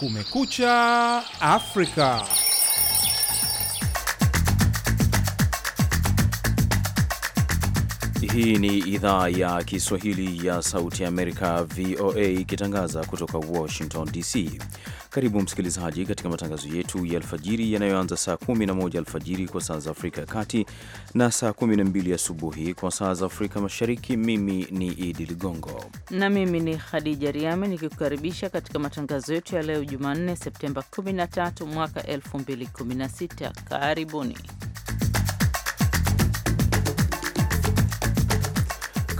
Kumekucha Afrika. Hii ni idhaa ya Kiswahili ya Sauti ya Amerika, VOA, ikitangaza kutoka Washington DC. Karibu msikilizaji, katika matangazo yetu ya alfajiri yanayoanza saa 11 alfajiri kwa saa za Afrika ya Kati na saa 12 asubuhi kwa saa za Afrika Mashariki. Mimi ni Idi Ligongo na mimi ni Khadija Riami nikikukaribisha katika matangazo yetu ya leo Jumanne, Septemba 13 mwaka 2016. Karibuni.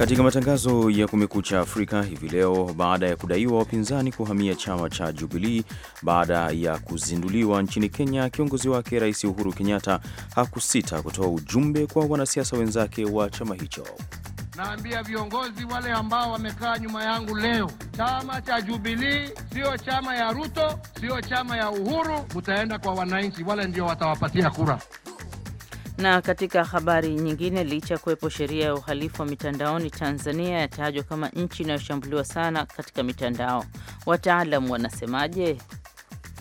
Katika matangazo ya Kumekucha Afrika hivi leo, baada ya kudaiwa wapinzani kuhamia chama cha Jubilii baada ya kuzinduliwa nchini Kenya, kiongozi wake Rais Uhuru Kenyatta hakusita kutoa ujumbe kwa wanasiasa wenzake wa chama hicho. Naambia viongozi wale ambao wamekaa nyuma yangu leo, chama cha Jubilii siyo chama ya Ruto, siyo chama ya Uhuru. Mutaenda kwa wananchi, wale ndio watawapatia kura. Na katika habari nyingine, licha ya kuwepo sheria ya uhalifu wa mitandaoni, Tanzania yatajwa kama nchi inayoshambuliwa sana katika mitandao. Wataalam wanasemaje?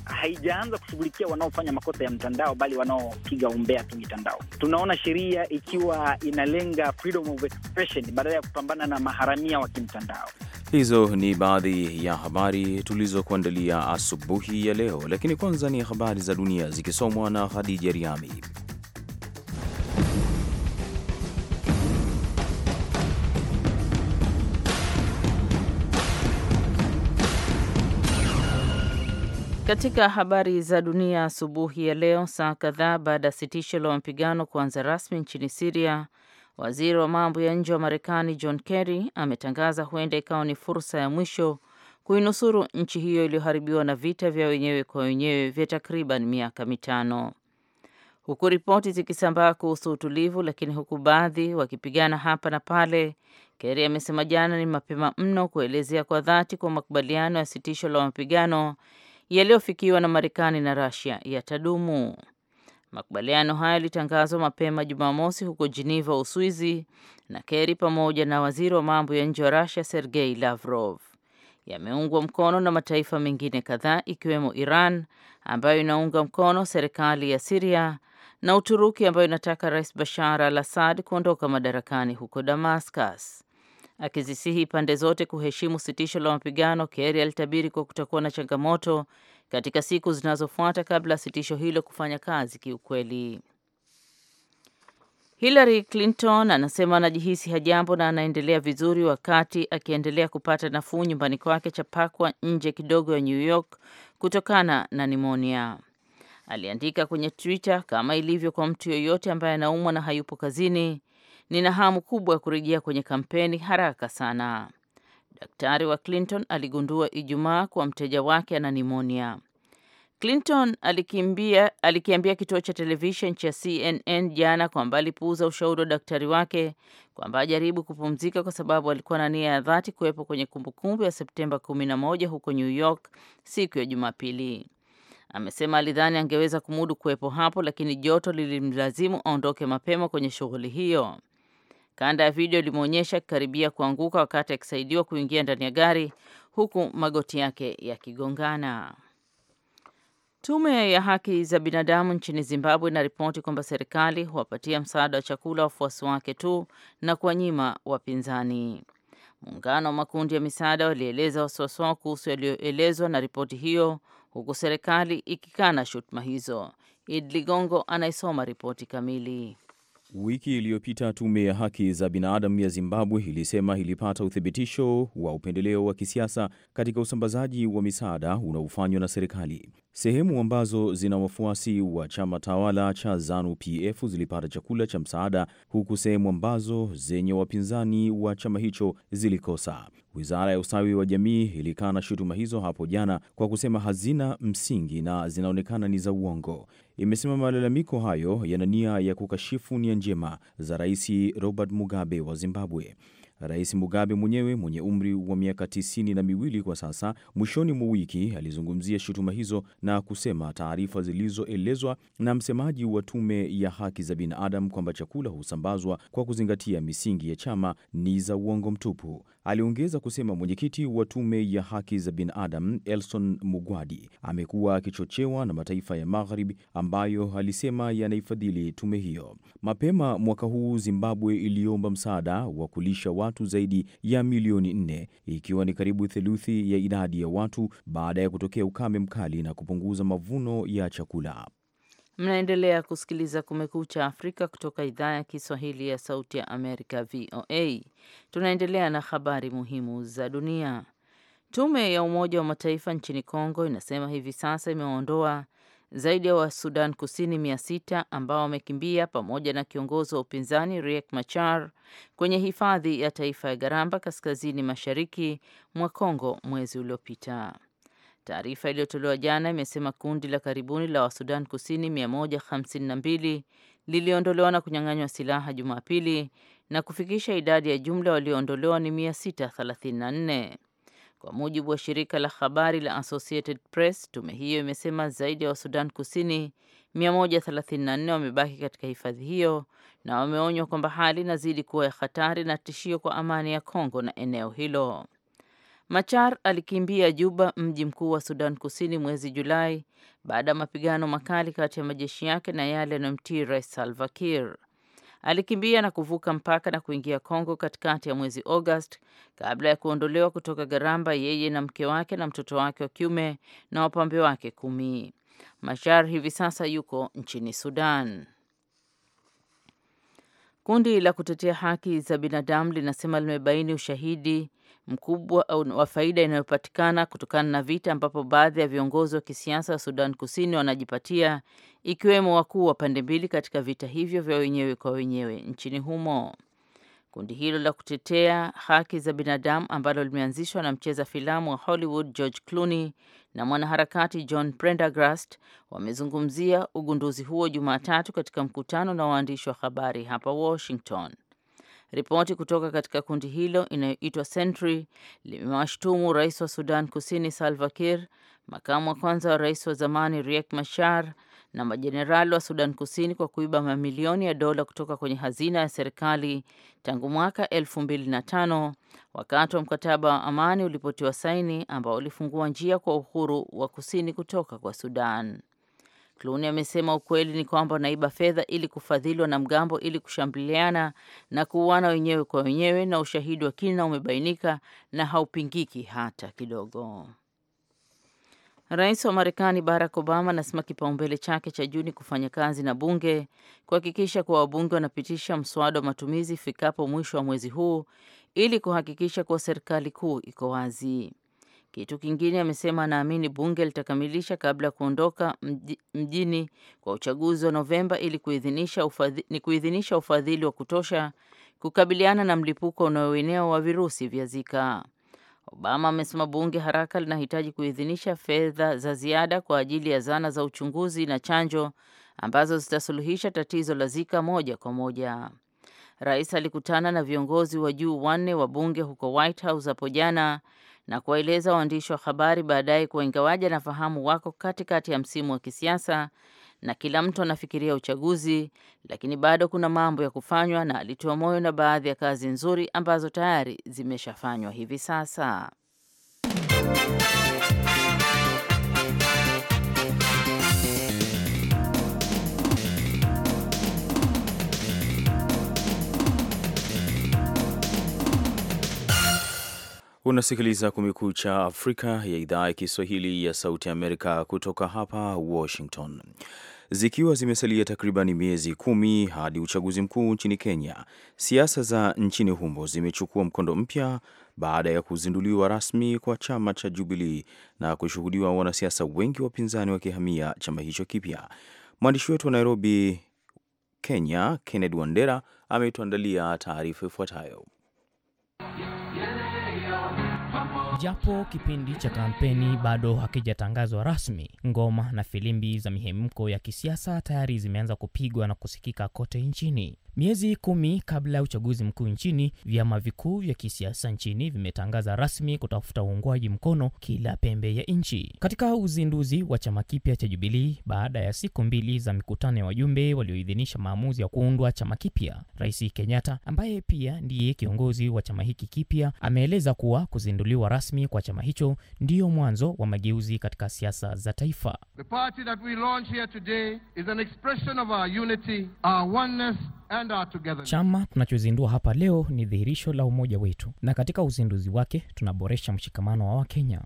Haijaanza kushughulikia wanaofanya makosa ya mtandao, bali wanaopiga umbea tu mitandao. Tunaona sheria ikiwa inalenga freedom of expression badala ya kupambana na maharamia wa kimtandao. Hizo ni baadhi ya habari tulizokuandalia asubuhi ya leo, lakini kwanza ni habari za dunia zikisomwa na Khadija Riami. Katika habari za dunia asubuhi ya leo, saa kadhaa baada ya sitisho la mapigano kuanza rasmi nchini Siria, waziri wa mambo ya nje wa Marekani John Kerry ametangaza huenda ikawa ni fursa ya mwisho kuinusuru nchi hiyo iliyoharibiwa na vita vya wenyewe kwa wenyewe vya takriban miaka mitano, huku ripoti zikisambaa kuhusu utulivu, lakini huku baadhi wakipigana hapa na pale. Kerry amesema jana ni mapema mno kuelezea kwa dhati kwa makubaliano ya sitisho la mapigano yaliyofikiwa na Marekani na Russia yatadumu. Makubaliano hayo yalitangazwa mapema Jumamosi huko Geneva, Uswizi na Kerry pamoja na waziri wa mambo ya nje wa Russia Sergei Lavrov. Yameungwa mkono na mataifa mengine kadhaa ikiwemo Iran ambayo inaunga mkono serikali ya Syria na Uturuki ambayo inataka Rais Bashar al-Assad kuondoka madarakani huko Damascus. Akizisihi pande zote kuheshimu sitisho la mapigano, Kerry alitabiri kwa kutakuwa na changamoto katika siku zinazofuata kabla ya sitisho hilo kufanya kazi kiukweli. Hillary Clinton anasema anajihisi hajambo na anaendelea vizuri wakati akiendelea kupata nafuu nyumbani kwake Chapakwa nje kidogo ya New York kutokana na nimonia. Aliandika kwenye Twitter, kama ilivyo kwa mtu yoyote ambaye anaumwa na hayupo kazini, Nina hamu kubwa ya kurejea kwenye kampeni haraka sana. Daktari wa Clinton aligundua Ijumaa kuwa mteja wake ana nimonia. Clinton alikimbia, alikiambia kituo cha televishen cha CNN jana kwamba alipuuza ushauri wa daktari wake kwamba ajaribu kupumzika kwa sababu alikuwa na nia ya dhati kuwepo kwenye kumbukumbu ya Septemba 11 huko New York siku ya Jumapili. Amesema alidhani angeweza kumudu kuwepo hapo, lakini joto lilimlazimu aondoke mapema kwenye shughuli hiyo. Kanda ya video limeonyesha akikaribia kuanguka wakati akisaidiwa kuingia ndani ya gari huku magoti yake yakigongana. Tume ya haki za binadamu nchini Zimbabwe inaripoti kwamba serikali huwapatia msaada wa chakula wafuasi wake tu na kuwanyima wapinzani. Muungano wa makundi ya misaada walieleza wasiwasi wao kuhusu yaliyoelezwa na ripoti hiyo, huku serikali ikikana shutuma hizo. id Ligongo anaisoma ripoti kamili. Wiki iliyopita tume ya haki za binadamu ya Zimbabwe ilisema ilipata uthibitisho wa upendeleo wa kisiasa katika usambazaji wa misaada unaofanywa na serikali. Sehemu ambazo zina wafuasi wa chama tawala cha Zanu PF zilipata chakula cha msaada, huku sehemu ambazo zenye wapinzani wa chama hicho zilikosa. Wizara ya ustawi wa jamii ilikana shutuma hizo hapo jana kwa kusema hazina msingi na zinaonekana ni za uongo imesema malalamiko hayo yana nia ya kukashifu nia njema za Rais Robert Mugabe wa Zimbabwe. Rais Mugabe mwenyewe mwenye umri wa miaka tisini na miwili kwa sasa, mwishoni mwa wiki alizungumzia shutuma hizo na kusema taarifa zilizoelezwa na msemaji wa tume ya haki za binadamu kwamba chakula husambazwa kwa kuzingatia misingi ya chama ni za uongo mtupu. Aliongeza kusema mwenyekiti wa tume ya haki za binadamu Elson Mugwadi amekuwa akichochewa na mataifa ya Magharibi ambayo alisema yanaifadhili tume hiyo. Mapema mwaka huu Zimbabwe iliomba msaada wa kulisha watu zaidi ya milioni nne ikiwa ni karibu theluthi ya idadi ya watu baada ya kutokea ukame mkali na kupunguza mavuno ya chakula. Mnaendelea kusikiliza Kumekucha Afrika kutoka idhaa ya Kiswahili ya Sauti ya Amerika, VOA. Tunaendelea na habari muhimu za dunia. Tume ya Umoja wa Mataifa nchini Kongo inasema hivi sasa imeondoa zaidi ya Wasudan Kusini mia sita ambao wamekimbia pamoja na kiongozi wa upinzani Riek Machar kwenye hifadhi ya taifa ya Garamba kaskazini mashariki mwa Kongo mwezi uliopita. Taarifa iliyotolewa jana imesema kundi la karibuni la Wasudan Kusini 152 liliondolewa na kunyang'anywa silaha Jumapili na kufikisha idadi ya jumla walioondolewa ni 634. Kwa mujibu wa shirika la habari la Associated Press, tume hiyo imesema zaidi ya wa Wasudan Kusini 134 wamebaki katika hifadhi hiyo na wameonywa kwamba hali inazidi kuwa ya hatari na tishio kwa amani ya Kongo na eneo hilo. Machar alikimbia Juba, mji mkuu wa Sudan Kusini, mwezi Julai baada ya mapigano makali kati ya majeshi yake na yale yanayomtii Rais Salva Kiir alikimbia na kuvuka mpaka na kuingia Kongo katikati ya mwezi August kabla ya kuondolewa kutoka Garamba, yeye na mke wake na mtoto wake wa kiume na wapambe wake kumi. mashar hivi sasa yuko nchini Sudan. Kundi la kutetea haki za binadamu linasema limebaini ushahidi mkubwa wa faida inayopatikana kutokana na vita ambapo baadhi ya viongozi wa kisiasa wa Sudan Kusini wanajipatia ikiwemo wakuu wa pande mbili katika vita hivyo vya wenyewe kwa wenyewe nchini humo. Kundi hilo la kutetea haki za binadamu ambalo limeanzishwa na mcheza filamu wa Hollywood George Clooney na mwanaharakati John Prendergast wamezungumzia ugunduzi huo Jumatatu katika mkutano na waandishi wa habari hapa Washington. Ripoti kutoka katika kundi hilo inayoitwa Sentry limewashtumu rais wa Sudan Kusini Salva Kiir, makamu wa kwanza wa rais wa zamani Riek Machar na majenerali wa Sudan Kusini kwa kuiba mamilioni ya dola kutoka kwenye hazina ya serikali tangu mwaka 25 wakati wa mkataba wa amani ulipotiwa saini ambao ulifungua njia kwa uhuru wa kusini kutoka kwa Sudan. Clooney amesema ukweli ni kwamba wanaiba fedha ili na mgambo ili kushambuliana na kuuana wenyewe kwa wenyewe, na ushahidi wa kina umebainika na haupingiki hata kidogo. Rais wa Marekani Barack Obama anasema kipaumbele chake cha juu ni kufanya kazi na bunge kuhakikisha kuwa wabunge wanapitisha mswada wa matumizi ifikapo mwisho wa mwezi huu ili kuhakikisha kuwa serikali kuu iko wazi. Kitu kingine amesema anaamini bunge litakamilisha kabla ya kuondoka mjini kwa uchaguzi wa Novemba ili kuidhinisha ufadhi, ni kuidhinisha ufadhili wa kutosha kukabiliana na mlipuko unaoenea wa virusi vya Zika. Obama amesema bunge haraka linahitaji kuidhinisha fedha za ziada kwa ajili ya zana za uchunguzi na chanjo ambazo zitasuluhisha tatizo la Zika moja kwa moja. Rais alikutana na viongozi wa juu wanne wa bunge huko White House hapo jana na kuwaeleza waandishi wa habari baadaye kuwa ingawaji anafahamu wako katikati ya msimu wa kisiasa na kila mtu anafikiria uchaguzi, lakini bado kuna mambo ya kufanywa, na alitoa moyo na baadhi ya kazi nzuri ambazo tayari zimeshafanywa hivi sasa. Unasikiliza Kumekucha Afrika ya idhaa ya Kiswahili ya Sauti ya Amerika kutoka hapa Washington. Zikiwa zimesalia takribani miezi kumi hadi uchaguzi mkuu nchini Kenya, siasa za nchini humo zimechukua mkondo mpya baada ya kuzinduliwa rasmi kwa chama cha Jubilii na kushuhudiwa wanasiasa wengi wapinzani wakihamia chama hicho kipya. Mwandishi wetu wa Nairobi, Kenya, Kenneth Wandera ametuandalia taarifa ifuatayo. Japo kipindi cha kampeni bado hakijatangazwa rasmi, ngoma na filimbi za mihemko ya kisiasa tayari zimeanza kupigwa na kusikika kote nchini. Miezi kumi kabla ya uchaguzi mkuu nchini, vyama vikuu vya kisiasa nchini vimetangaza rasmi kutafuta uungwaji mkono kila pembe ya nchi. Katika uzinduzi wa chama kipya cha Jubilii baada ya siku mbili za mikutano ya wajumbe walioidhinisha maamuzi ya kuundwa chama kipya, Rais Kenyatta ambaye pia ndiye kiongozi wa chama hiki kipya ameeleza kuwa kuzinduliwa rasmi rasmi kwa chama hicho ndiyo mwanzo wa mageuzi katika siasa za taifa. The party that we launch here today is an expression of our unity, our oneness Chama tunachozindua hapa leo ni dhihirisho la umoja wetu, na katika uzinduzi wake tunaboresha mshikamano wa Wakenya.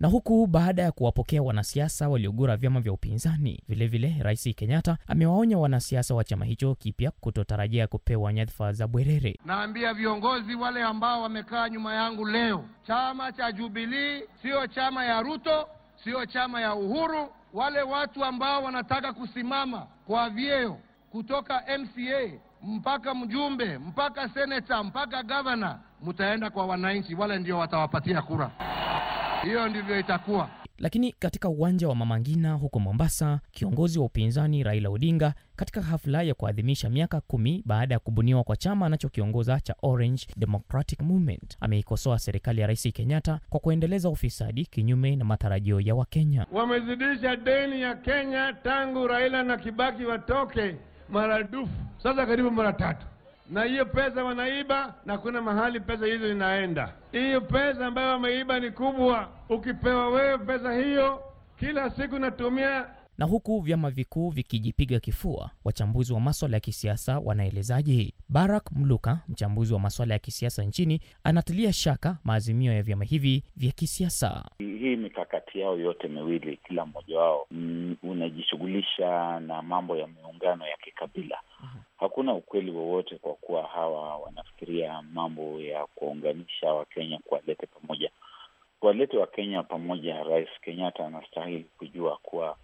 Na huku baada ya kuwapokea wanasiasa waliogura vyama vya upinzani, vilevile Rais Kenyatta amewaonya wanasiasa wa chama hicho kipya kutotarajia kupewa nyadhifa za bwerere. Naambia viongozi wale ambao wamekaa nyuma yangu leo, chama cha Jubilee siyo chama ya Ruto, siyo chama ya Uhuru. Wale watu ambao wanataka kusimama kwa vyeo kutoka MCA mpaka mjumbe mpaka seneta mpaka gavana, mtaenda kwa wananchi, wale ndio watawapatia kura. Hiyo ndivyo itakuwa. Lakini katika uwanja wa mamangina huko Mombasa, kiongozi wa upinzani Raila Odinga katika hafla ya kuadhimisha miaka kumi baada ya kubuniwa kwa chama anachokiongoza cha Orange Democratic Movement ameikosoa serikali ya Rais Kenyatta kwa kuendeleza ufisadi kinyume na matarajio ya Wakenya. Wamezidisha deni ya Kenya tangu Raila na Kibaki watoke maradufu, sasa karibu mara tatu. Na hiyo pesa wanaiba na kuna mahali pesa hizo zinaenda. Hiyo pesa ambayo wameiba ni kubwa. Ukipewa wewe pesa hiyo, kila siku natumia na huku vyama vikuu vikijipiga kifua, wachambuzi wa maswala ya kisiasa wanaelezaje? Barak Mluka, mchambuzi wa maswala ya kisiasa nchini, anatilia shaka maazimio ya vyama hivi vya kisiasa. Hii mikakati yao yote miwili, kila mmoja wao mm, unajishughulisha na mambo ya miungano ya kikabila. Hakuna ukweli wowote kwa kuwa hawa wanafikiria mambo ya kuwaunganisha Wakenya, kuwalete pamoja, kuwalete Wakenya pamoja. Rais Kenyatta anastahili kujua kuwa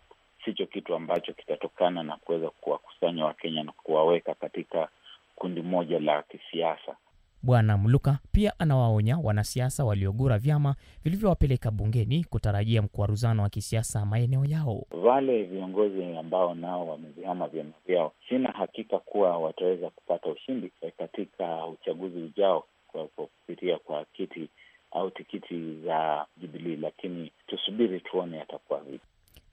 sicho kitu ambacho kitatokana na kuweza kuwakusanya Wakenya na kuwaweka katika kundi moja la kisiasa. Bwana Mluka pia anawaonya wanasiasa waliogura vyama vilivyowapeleka bungeni kutarajia mkuaruzano wa kisiasa maeneo yao. Wale viongozi ambao nao wamevihama vyama vyao, sina hakika kuwa wataweza kupata ushindi eh, katika uchaguzi ujao kwa kupitia kwa kiti au tikiti za Jubilii, lakini tusubiri tuone yatakuwa vipi.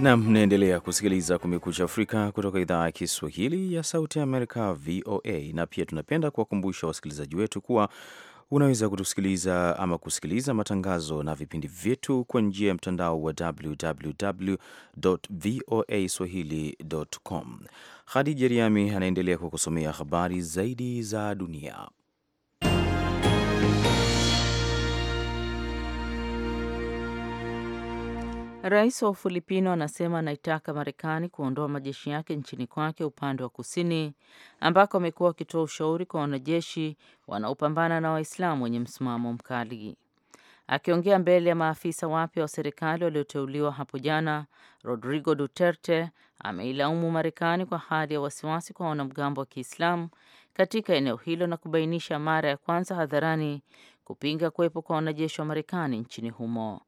nam mnaendelea kusikiliza Kumekucha Afrika kutoka idhaa ya Kiswahili ya Sauti ya Amerika, VOA. Na pia tunapenda kuwakumbusha wasikilizaji wetu kuwa unaweza kutusikiliza ama kusikiliza matangazo na vipindi vyetu kwa njia ya mtandao wa swahilicom. Khadija Riami anaendelea kukusomea habari zaidi za dunia. Rais wa Ufilipino anasema anaitaka Marekani kuondoa majeshi yake nchini kwake upande wa kusini, ambako amekuwa akitoa ushauri kwa wanajeshi wanaopambana na Waislamu wenye msimamo mkali. Akiongea mbele ya maafisa wapya wa serikali walioteuliwa hapo jana, Rodrigo Duterte ameilaumu Marekani kwa hali ya wasiwasi kwa wanamgambo wa Kiislamu katika eneo hilo na kubainisha mara ya kwanza hadharani kupinga kuwepo kwa wanajeshi wa Marekani nchini humo.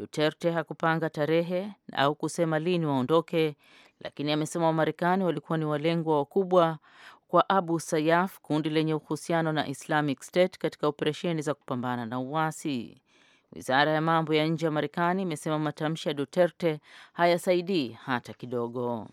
Duterte hakupanga tarehe au kusema lini waondoke, lakini amesema Wamarekani walikuwa ni walengwa wakubwa kwa Abu Sayyaf, kundi lenye uhusiano na Islamic State katika operesheni za kupambana na uasi. Wizara ya mambo ya nje ya Marekani imesema matamshi ya Duterte hayasaidii hata kidogo.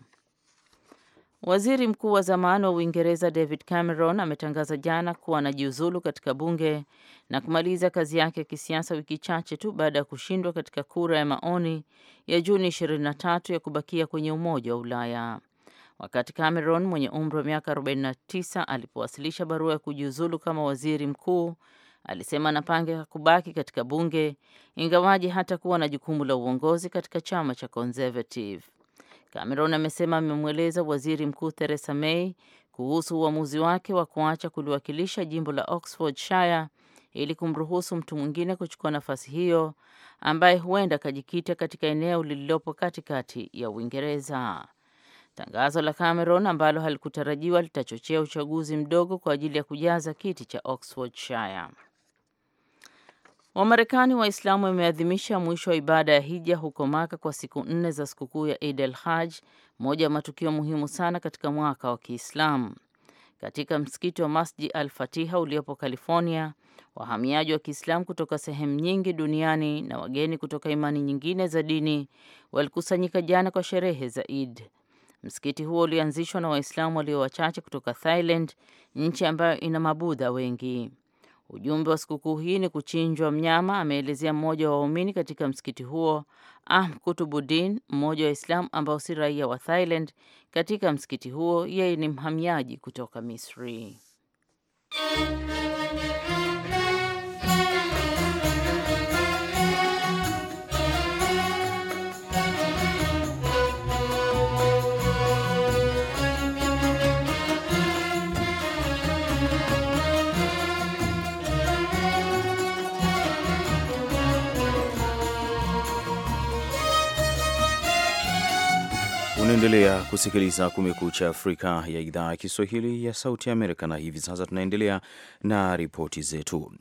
Waziri Mkuu wa zamani wa Uingereza David Cameron ametangaza jana kuwa anajiuzulu katika bunge na kumaliza kazi yake ya kisiasa wiki chache tu baada ya kushindwa katika kura ya maoni ya Juni 23 ya kubakia kwenye Umoja wa Ulaya. Wakati Cameron mwenye umri wa miaka 49 alipowasilisha barua ya kujiuzulu kama waziri mkuu, alisema anapanga kubaki katika bunge ingawaji hatakuwa na jukumu la uongozi katika chama cha Conservative. Cameron amesema amemweleza Waziri Mkuu Theresa May kuhusu uamuzi wake wa kuacha kuliwakilisha jimbo la Oxfordshire ili kumruhusu mtu mwingine kuchukua nafasi hiyo ambaye huenda akajikita katika eneo lililopo katikati ya Uingereza. Tangazo la Cameron ambalo halikutarajiwa litachochea uchaguzi mdogo kwa ajili ya kujaza kiti cha Oxfordshire. Wamarekani Waislamu wameadhimisha mwisho wa ibada ya hija huko Maka kwa siku nne za sikukuu ya Eid al Haj, moja ya matukio muhimu sana katika mwaka wa Kiislamu. Katika msikiti wa Masjid al Fatiha uliopo California, wahamiaji wa Kiislamu kutoka sehemu nyingi duniani na wageni kutoka imani nyingine za dini walikusanyika jana kwa sherehe za Eid. Msikiti huo ulianzishwa na Waislamu walio wachache kutoka Thailand, nchi ambayo ina mabudha wengi. Ujumbe wa sikukuu hii ni kuchinjwa mnyama, ameelezea mmoja wa waumini katika msikiti huo, Ah kutubudin mmoja wa islamu ambao si raia wa Thailand katika msikiti huo. Yeye ni mhamiaji kutoka Misri. Unaendelea kusikiliza Kumekucha Afrika ya idhaa ya Kiswahili ya Sauti ya Amerika, na hivi sasa tunaendelea na ripoti zetu.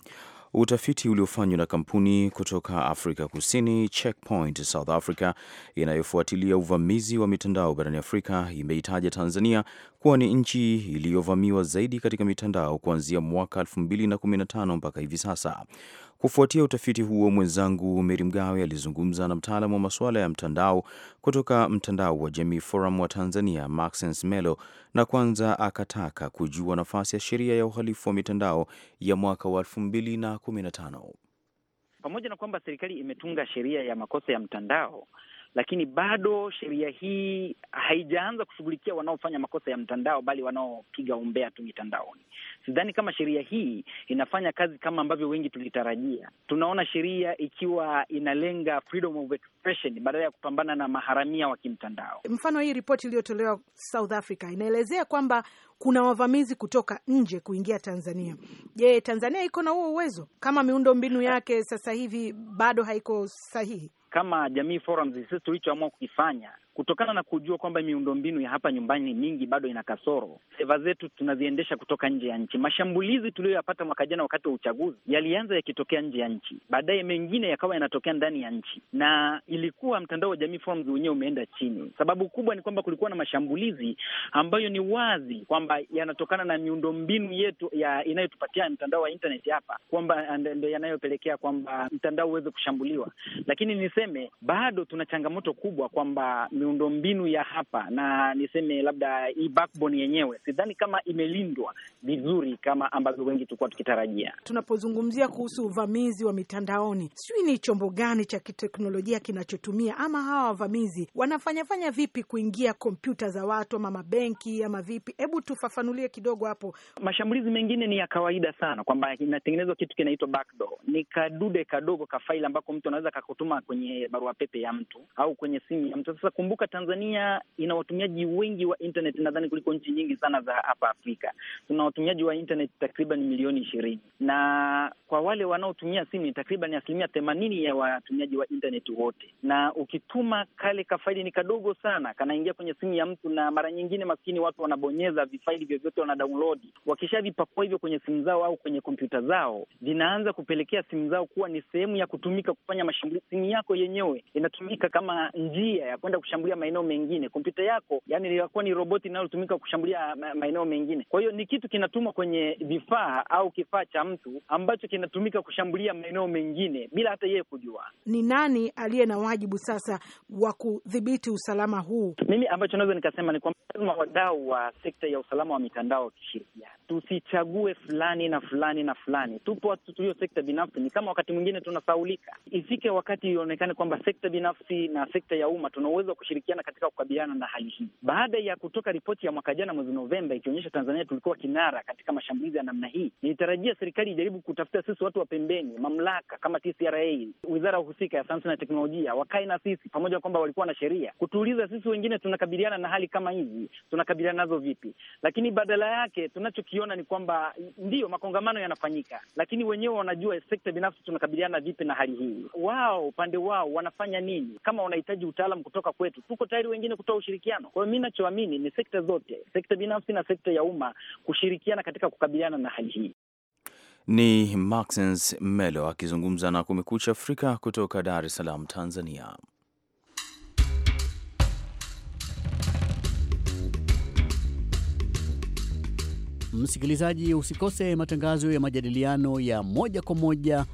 Utafiti uliofanywa na kampuni kutoka Afrika Kusini Checkpoint South Africa inayofuatilia uvamizi wa mitandao barani Afrika imeitaja Tanzania kuwa ni nchi iliyovamiwa zaidi katika mitandao kuanzia mwaka 2015 mpaka hivi sasa. Kufuatia utafiti huo, mwenzangu Meri Mgawe alizungumza na mtaalamu wa masuala ya mtandao kutoka mtandao wa Jamii Forum wa Tanzania, Maxence Melo, na kwanza akataka kujua nafasi ya sheria ya uhalifu wa mitandao ya mwaka wa elfu mbili na kumi na tano. Pamoja na kwamba serikali imetunga sheria ya makosa ya mtandao, lakini bado sheria hii haijaanza kushughulikia wanaofanya makosa ya mtandao, bali wanaopiga umbea tu mitandaoni. Sidhani kama sheria hii inafanya kazi kama ambavyo wengi tulitarajia. Tunaona sheria ikiwa inalenga freedom of expression badala ya kupambana na maharamia wa kimtandao. Mfano, hii ripoti iliyotolewa South Africa inaelezea kwamba kuna wavamizi kutoka nje kuingia Tanzania. Je, Tanzania iko na huo uwezo kama miundo mbinu yake sasa hivi bado haiko sahihi? kama Jamii Forums, sisi tulichoamua kukifanya kutokana na kujua kwamba miundombinu ya hapa nyumbani mingi bado ina kasoro. Seva zetu tunaziendesha kutoka nje ya nchi. Mashambulizi tuliyoyapata mwaka jana wakati wa uchaguzi yalianza yakitokea nje ya nchi, baadaye mengine yakawa yanatokea ndani ya nchi, na ilikuwa mtandao wa Jamii Forums wenyewe umeenda chini. Sababu kubwa ni kwamba kulikuwa na mashambulizi ambayo ni wazi kwamba yanatokana na miundombinu yetu ya inayotupatia mtandao wa internet hapa, kwamba ndo yanayopelekea kwamba mtandao uweze kushambuliwa. Lakini niseme bado tuna changamoto kubwa kwamba miundombinu ya hapa na niseme labda hii backbone yenyewe, sidhani kama imelindwa vizuri kama ambavyo wengi tulikuwa tukitarajia. Tunapozungumzia kuhusu uvamizi wa mitandaoni, sijui ni chombo gani cha kiteknolojia kinachotumia, ama hawa wavamizi wanafanyafanya vipi kuingia kompyuta za watu ama mabenki ama vipi? Hebu tufafanulie kidogo hapo. Mashambulizi mengine ni ya kawaida sana, kwamba inatengenezwa kitu kinaitwa backdoor. Ni kadude kadogo kafaili ambako mtu anaweza kakutuma kwenye barua pepe ya mtu au kwenye simu ya mtu. Sasa kumbuka Kumbuka Tanzania ina watumiaji wengi wa internet nadhani kuliko nchi nyingi sana za hapa Afrika. Tuna watumiaji wa internet takriban milioni ishirini, na kwa wale wanaotumia simu ni takriban asilimia themanini ya watumiaji wa internet wote, na ukituma kale kafaili ni kadogo sana, kanaingia kwenye simu ya mtu, na mara nyingine maskini watu wanabonyeza vifaili vyovyote, wana download. Wakishavipakua hivyo kwenye simu zao au kwenye kompyuta zao, vinaanza kupelekea simu zao kuwa ni sehemu ya kutumika kufanya mashambulizi. Simu yako yenyewe inatumika kama njia ya kwenda kushambulia kushambulia maeneo mengine. Kompyuta yako yani inakuwa ni roboti inayotumika kushambulia maeneo mengine. Kwa hiyo ni kitu kinatumwa kwenye vifaa au kifaa cha mtu ambacho kinatumika kushambulia maeneo mengine bila hata yeye kujua. Ni nani aliye na wajibu sasa wa kudhibiti usalama huu? Mimi ambacho naweza nikasema ni kwamba lazima wadau wa sekta ya usalama wa mitandao wakishirikiana, tusichague fulani na fulani na fulani. Tupo watu tulio sekta binafsi, ni kama wakati mwingine tunasaulika. Ifike wakati ionekane kwamba sekta binafsi na sekta ya umma tuna uwezo wa kushirikiana kushirikiana katika kukabiliana na hali hii, baada ya kutoka ripoti ya mwaka jana mwezi Novemba ikionyesha Tanzania tulikuwa kinara katika mashambulizi ya namna hii. Nilitarajia serikali ijaribu kutafuta sisi watu wa pembeni, mamlaka kama TCRA, wizara husika ya sayansi na teknolojia, wakae na sisi pamoja na kwamba walikuwa na sheria, kutuuliza sisi wengine tunakabiliana na hali kama hizi, tunakabiliana nazo vipi? Lakini badala yake tunachokiona ni kwamba ndiyo makongamano yanafanyika, lakini wenyewe wanajua sekta binafsi tunakabiliana vipi na hali hii. Wao upande wao wanafanya nini? Kama wanahitaji utaalam kutoka kwetu yetu, tuko tayari wengine kutoa ushirikiano. Kwa hiyo mi nachoamini ni sekta zote, sekta binafsi na sekta ya umma kushirikiana katika kukabiliana na hali hii. Ni Maxens Melo akizungumza na Kumekucha Afrika kutoka Dar es Salaam, Tanzania. Msikilizaji, usikose matangazo ya majadiliano ya moja kwa moja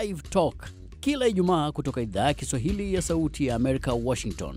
Live Talk kila Ijumaa kutoka idhaa ya Kiswahili ya Sauti ya Amerika, Washington.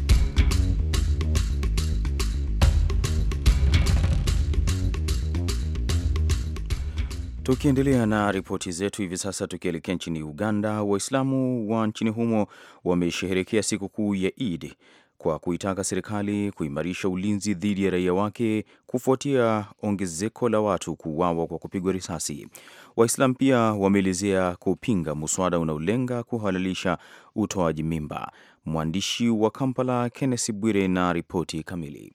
Tukiendelea na ripoti zetu hivi sasa, tukielekea nchini Uganda, Waislamu wa nchini humo wamesherehekea sikukuu ya Idi kwa kuitaka serikali kuimarisha ulinzi dhidi ya raia wake kufuatia ongezeko la watu kuuawa kwa kupigwa risasi. Waislamu pia wameelezea kupinga muswada unaolenga kuhalalisha utoaji mimba. Mwandishi wa Kampala kennesi Bwire na ripoti kamili.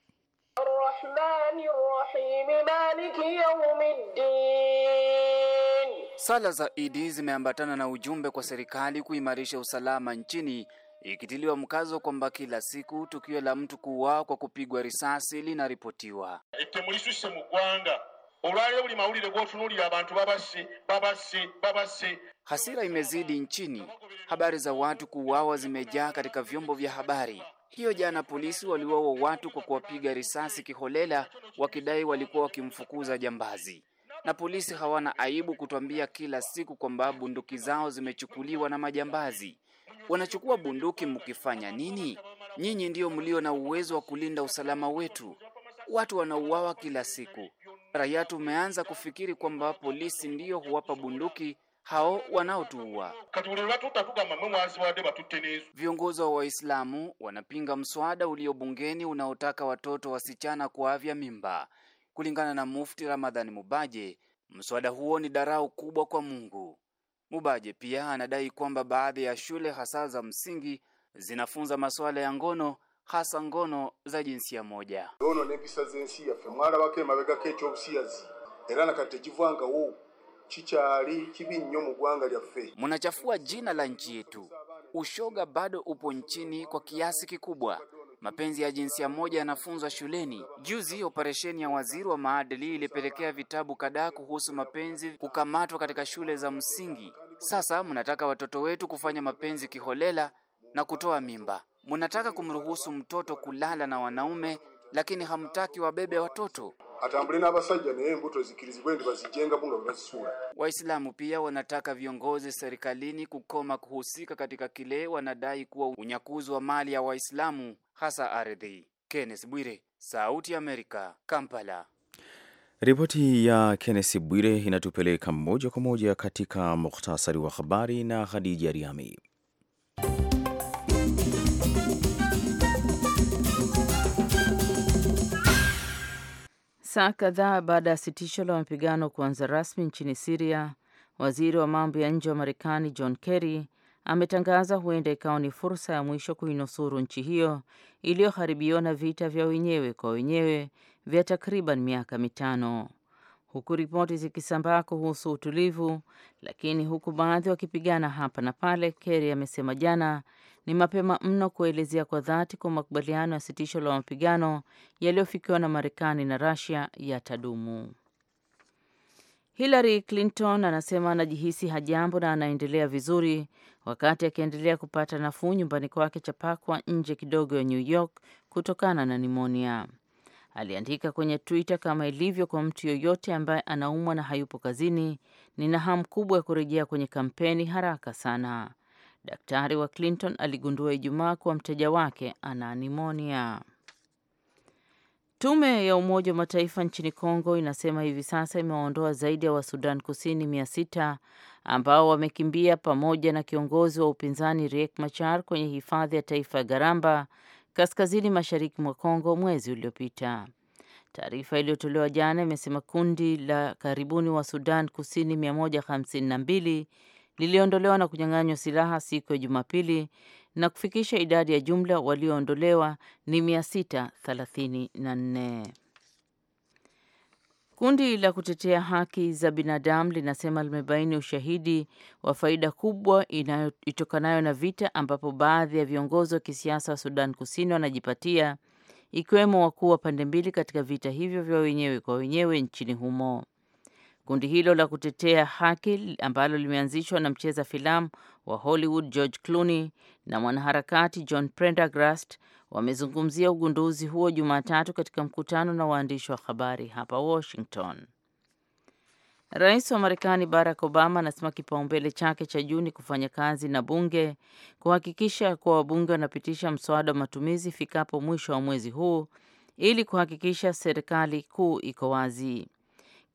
Sala za Idi zimeambatana na ujumbe kwa serikali kuimarisha usalama nchini, ikitiliwa mkazo kwamba kila siku tukio la mtu kuuawa kwa kupigwa risasi linaripotiwa. Temuyisuse mugwanga ggwanga buli mawulire g'otunuulira abantu babasi babasi babasi. Hasira imezidi nchini, habari za watu kuuawa zimejaa katika vyombo vya habari. Hiyo jana polisi waliwaua watu kwa kuwapiga risasi kiholela, wakidai walikuwa wakimfukuza jambazi na polisi hawana aibu kutuambia kila siku kwamba bunduki zao zimechukuliwa na majambazi. Wanachukua bunduki mkifanya nini? Nyinyi ndio mlio na uwezo wa kulinda usalama wetu. Watu wanauawa kila siku. Raia tumeanza kufikiri kwamba polisi ndio huwapa bunduki hao wanaotuua. Viongozi wa Waislamu wanapinga mswada ulio bungeni unaotaka watoto wasichana kuavya mimba. Kulingana na Mufti Ramadhani Mubaje, mswada huo ni darau kubwa kwa Mungu. Mubaje pia anadai kwamba baadhi ya shule hasa za msingi zinafunza masuala ya ngono hasa ngono za jinsia moja. ono n'empisa ensi wake mabega kecho ekyobusiyazi era nakati wo chichali kibi nnyo mu ggwanga fe Munachafua jina la nchi yetu. Ushoga bado upo nchini kwa kiasi kikubwa, mapenzi ya jinsia moja yanafunzwa shuleni. Juzi operesheni ya waziri wa maadili ilipelekea vitabu kadhaa kuhusu mapenzi kukamatwa katika shule za msingi. Sasa mnataka watoto wetu kufanya mapenzi kiholela na kutoa mimba. Mnataka kumruhusu mtoto kulala na wanaume, lakini hamtaki wabebe watoto atambule basajja naye mbuto zikirizibwe nti bazijenga nga bazisula Waislamu pia wanataka viongozi serikalini kukoma kuhusika katika kile wanadai kuwa unyakuzi wa mali ya Waislamu hasa ardhi. Kenneth Bwire, Sauti ya Amerika, Kampala. Ripoti ya kennes Bwire inatupeleka moja kwa moja katika muhtasari wa habari na Khadija Riami. Saa kadhaa baada ya sitisho la mapigano kuanza rasmi nchini Siria, waziri wa mambo ya nje wa Marekani John Kerry ametangaza huenda ikawa ni fursa ya mwisho kuinusuru nchi hiyo iliyoharibiwa na vita vya wenyewe kwa wenyewe vya takriban miaka mitano, huku ripoti zikisambaa kuhusu utulivu, lakini huku baadhi wakipigana hapa na pale. Kerry amesema jana ni mapema mno kuelezea kwa dhati kwa makubaliano ya sitisho la mapigano yaliyofikiwa na Marekani na Russia yatadumu. Hillary Clinton anasema anajihisi hajambo na anaendelea vizuri wakati akiendelea kupata nafuu nyumbani kwake Chapakwa nje kidogo ya New York kutokana na nimonia. Aliandika kwenye Twitter, kama ilivyo kwa mtu yoyote ambaye anaumwa na hayupo kazini, nina hamu kubwa ya kurejea kwenye kampeni haraka sana. Daktari wa Clinton aligundua Ijumaa kuwa mteja wake ana nimonia. Tume ya Umoja wa Mataifa nchini Kongo inasema hivi sasa imewaondoa zaidi ya Wasudan Kusini mia sita ambao wamekimbia pamoja na kiongozi wa upinzani Riek Machar kwenye hifadhi ya taifa ya Garamba kaskazini mashariki mwa Kongo mwezi uliopita. Taarifa iliyotolewa jana imesema kundi la karibuni wa Sudan Kusini 152 liliondolewa na kunyang'anywa silaha siku ya Jumapili na kufikisha idadi ya jumla walioondolewa ni 634. Kundi la kutetea haki za binadamu linasema limebaini ushahidi wa faida kubwa itokanayo na vita ambapo baadhi ya viongozi wa kisiasa wa Sudan Kusini wanajipatia ikiwemo wakuu wa pande mbili katika vita hivyo vya wenyewe kwa wenyewe nchini humo. Kundi hilo la kutetea haki ambalo limeanzishwa na mcheza filamu wa Hollywood George Clooney na mwanaharakati John Prendergast wamezungumzia ugunduzi huo Jumatatu katika mkutano na waandishi wa habari hapa Washington. Rais wa Marekani Barack Obama anasema kipaumbele chake cha juu ni kufanya kazi na bunge kuhakikisha kuwa wabunge wanapitisha mswada wa matumizi ifikapo mwisho wa mwezi huu ili kuhakikisha serikali kuu iko wazi.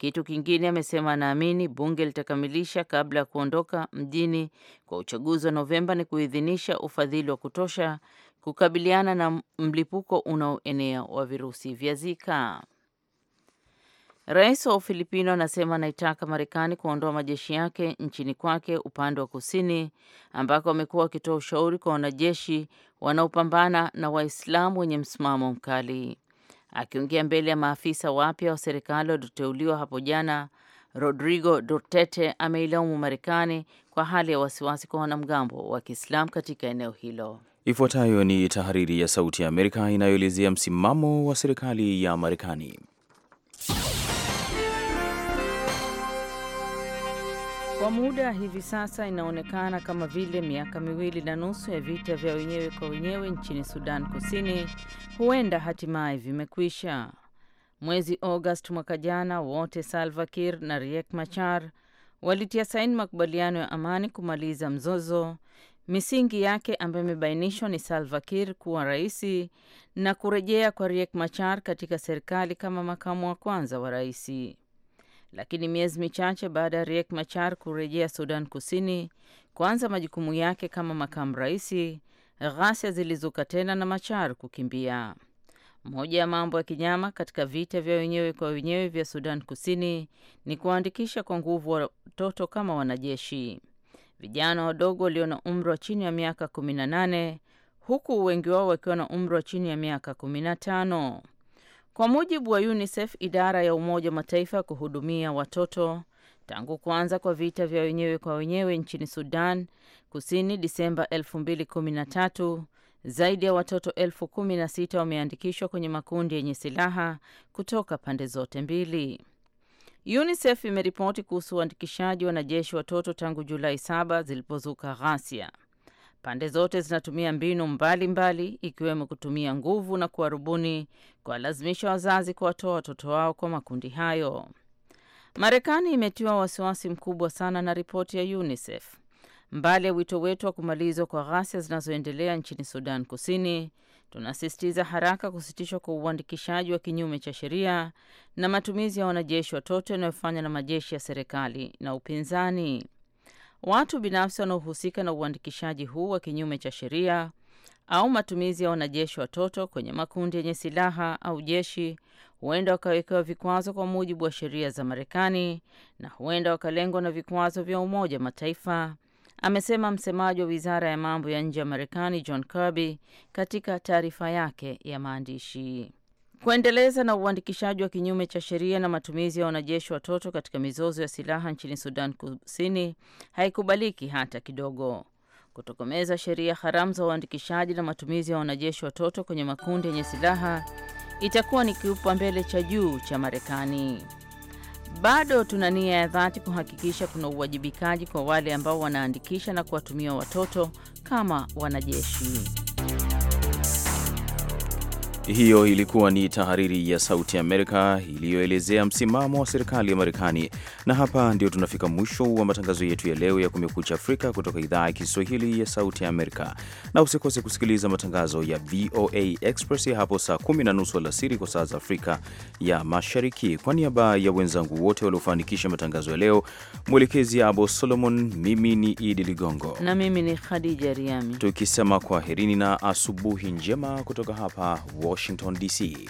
Kitu kingine amesema anaamini bunge litakamilisha kabla ya kuondoka mjini kwa uchaguzi wa Novemba ni kuidhinisha ufadhili wa kutosha kukabiliana na mlipuko unaoenea wa virusi vya Zika. Rais wa Ufilipino anasema anaitaka Marekani kuondoa majeshi yake nchini kwake upande wa kusini ambako wamekuwa wakitoa ushauri kwa wanajeshi wanaopambana na Waislamu wenye msimamo mkali. Akiongea mbele ya maafisa wapya wa serikali walioteuliwa hapo jana, Rodrigo Duterte ameilaumu Marekani kwa hali ya wasiwasi kwa wanamgambo wa kiislam katika eneo hilo. Ifuatayo ni tahariri ya Sauti ya Amerika inayoelezea msimamo wa serikali ya Marekani. Kwa muda hivi sasa inaonekana kama vile miaka miwili na nusu ya vita vya wenyewe kwa wenyewe nchini Sudan Kusini huenda hatimaye vimekwisha. Mwezi August mwaka jana, wote Salva Kiir na Riek Machar walitia saini makubaliano ya amani kumaliza mzozo, misingi yake ambayo imebainishwa ni Salva Kiir kuwa raisi na kurejea kwa Riek Machar katika serikali kama makamu wa kwanza wa raisi lakini miezi michache baada ya Riek Machar kurejea Sudan Kusini kuanza majukumu yake kama makamu raisi, ghasia zilizuka tena na Machar kukimbia. Moja ya mambo ya kinyama katika vita vya wenyewe kwa wenyewe vya Sudan Kusini ni kuwaandikisha kwa nguvu watoto kama wanajeshi, vijana wadogo walio na umri wa chini ya miaka 18 huku wengi wao wakiwa na umri wa chini ya miaka 15. Kwa mujibu wa UNICEF, idara ya Umoja wa Mataifa ya kuhudumia watoto, tangu kuanza kwa vita vya wenyewe kwa wenyewe nchini Sudan Kusini Disemba 2013 zaidi ya watoto elfu kumi na sita wameandikishwa kwenye makundi yenye silaha kutoka pande zote mbili. UNICEF imeripoti kuhusu uandikishaji wanajeshi watoto tangu Julai 7 zilipozuka ghasia. Pande zote zinatumia mbinu mbalimbali ikiwemo kutumia nguvu na kuwarubuni kuwalazimisha wazazi kuwatoa watoto wao kwa makundi hayo. Marekani imetiwa wasiwasi mkubwa sana na ripoti ya UNICEF. Mbali ya wito wetu wa kumalizwa kwa ghasia zinazoendelea nchini Sudan Kusini, tunasisitiza haraka kusitishwa kwa uandikishaji wa kinyume cha sheria na matumizi ya wanajeshi watoto yanayofanywa na majeshi ya serikali na upinzani watu binafsi wanaohusika na uandikishaji huu wa kinyume cha sheria au matumizi ya wanajeshi watoto kwenye makundi yenye silaha au jeshi huenda wakawekewa vikwazo kwa mujibu wa sheria za Marekani na huenda wakalengwa na vikwazo vya Umoja wa Mataifa, amesema msemaji wa wizara ya mambo ya nje ya Marekani John Kirby katika taarifa yake ya maandishi kuendeleza na uandikishaji wa kinyume cha sheria na matumizi ya wanajeshi watoto katika mizozo ya silaha nchini Sudan Kusini haikubaliki hata kidogo. Kutokomeza sheria haramu za uandikishaji na matumizi ya wanajeshi watoto kwenye makundi yenye silaha itakuwa ni kipaumbele cha juu cha Marekani. Bado tuna nia ya dhati kuhakikisha kuna uwajibikaji kwa wale ambao wanaandikisha na kuwatumia watoto kama wanajeshi. Hiyo ilikuwa ni tahariri ya Sauti Amerika iliyoelezea msimamo wa serikali ya Marekani. Na hapa ndio tunafika mwisho wa matangazo yetu ya leo ya Kumekucha Afrika kutoka idhaa ya Kiswahili ya Sauti Amerika, na usikose kusikiliza matangazo ya VOA Express hapo saa kumi na nusu alasiri kwa saa za Afrika ya Mashariki. Kwa niaba ya wenzangu wote waliofanikisha matangazo ya leo, mwelekezi Abo Solomon, mimi ni Idi Ligongo na mimi ni Khadija Riami, tukisema kwaherini na asubuhi njema kutoka hapa Washington. Washington, D.C.